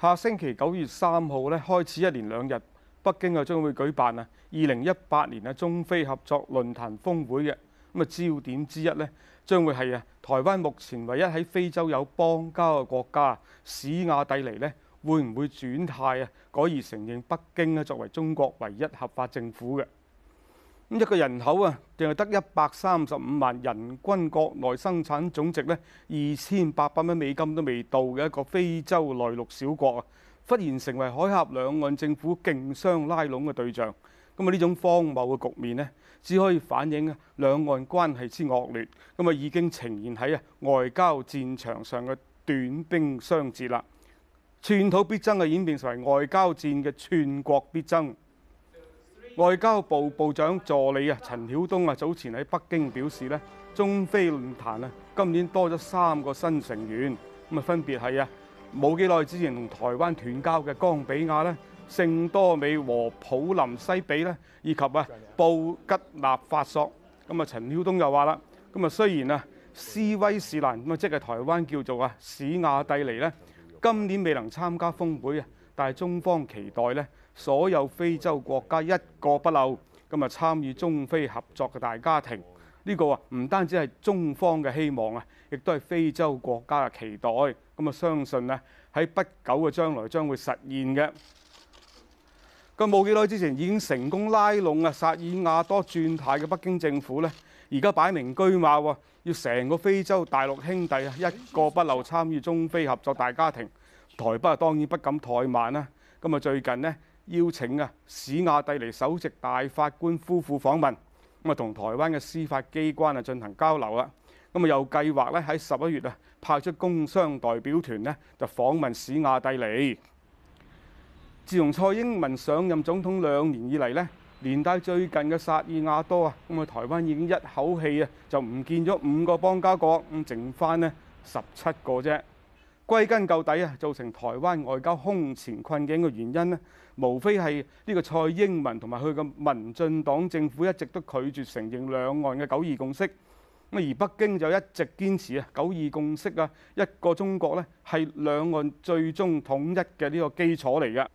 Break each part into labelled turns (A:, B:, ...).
A: 下星期九月三號咧，開始一連兩日，北京啊將會舉辦啊二零一八年啊中非合作論壇峰會嘅，咁啊焦點之一咧，將會係啊台灣目前唯一喺非洲有邦交嘅國家史瓦帝尼咧，會唔會轉態啊，改而承認北京啊作為中國唯一合法政府嘅？咁一個人口啊，淨係得一百三十五萬，人均國內生產總值呢二千八百蚊美金都未到嘅一個非洲內陸小國啊，忽然成為海峽兩岸政府競相拉攏嘅對象。咁啊，呢種荒謬嘅局面呢，只可以反映啊兩岸關係之惡劣。咁啊，已經呈現喺啊外交戰場上嘅短兵相接啦，寸土必爭嘅演變成為外交戰嘅寸國必爭。外交部部長助理啊，陳曉東啊，早前喺北京表示咧，中非論壇啊，今年多咗三個新成員，咁啊分別係啊，冇幾耐之前同台灣斷交嘅剛比亞咧、聖多美和普林西比咧，以及啊布吉納法索。咁啊，陳曉東又話啦，咁啊雖然啊斯威士蘭咁啊即係台灣叫做啊史亞帝尼咧，今年未能參加峰會啊。但係中方期待咧，所有非洲國家一個不漏咁啊參與中非合作嘅大家庭。呢個啊唔單止係中方嘅希望啊，亦都係非洲國家嘅期待。咁啊相信呢，喺不久嘅將來將會實現嘅。咁冇幾耐之前已經成功拉攏啊薩爾瓦多轉態嘅北京政府咧，而家擺明車馬要成個非洲大陸兄弟一個不漏參與中非合作大家庭。台北啊，當然不敢怠慢啦。咁啊，最近咧邀請啊史瓦帝尼首席大法官夫婦訪問，咁啊同台灣嘅司法機關啊進行交流啦。咁啊，又計劃咧喺十一月啊派出工商代表團咧就訪問史瓦帝尼。自從蔡英文上任總統兩年以嚟咧，連帶最近嘅薩爾瓦多啊，咁啊台灣已經一口氣啊就唔見咗五個邦交國，咁剩返咧十七個啫。歸根究底啊，造成台灣外交空前困境嘅原因咧，無非係呢個蔡英文同埋佢嘅民進黨政府一直都拒絕承認兩岸嘅九二共識。咁而北京就一直堅持啊，九二共識啊，一個中國咧係兩岸最終統一嘅呢個基礎嚟嘅。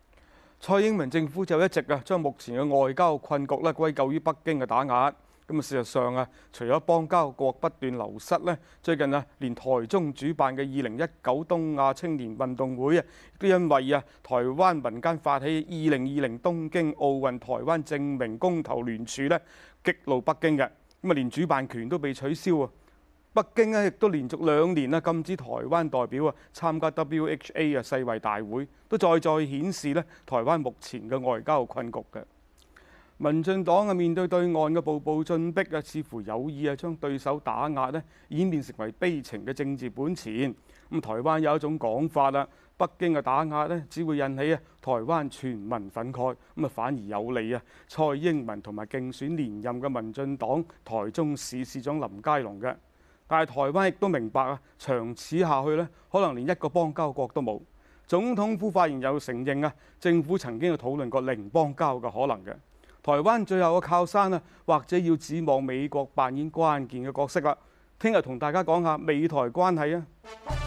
A: 蔡英文政府就一直啊，將目前嘅外交困局咧歸咎於北京嘅打壓。咁啊，事實上啊，除咗邦交國不斷流失咧，最近啊，連台中主辦嘅二零一九東亞青年運動會啊，都因為啊台灣民間發起二零二零東京奧運台灣正名公投聯署咧，激怒北京嘅，咁啊，連主辦權都被取消啊！北京咧，亦都連續兩年啊禁止台灣代表啊參加 WHA 啊世衞大會，都再再顯示咧台灣目前嘅外交困局嘅。民進黨啊，面對對岸嘅步步進逼啊，似乎有意啊將對手打壓咧，演變成為悲情嘅政治本錢。咁台灣有一種講法啦，北京嘅打壓咧，只會引起啊台灣全民憤慨，咁啊反而有利啊蔡英文同埋競選連任嘅民進黨台中市市長林佳龍嘅。但係台灣亦都明白啊，長此下去咧，可能連一個邦交國都冇。總統府發言又承認啊，政府曾經有討論過零邦交嘅可能嘅。台灣最後嘅靠山啊，或者要指望美國扮演關鍵嘅角色啦。聽日同大家講下美台關係啊。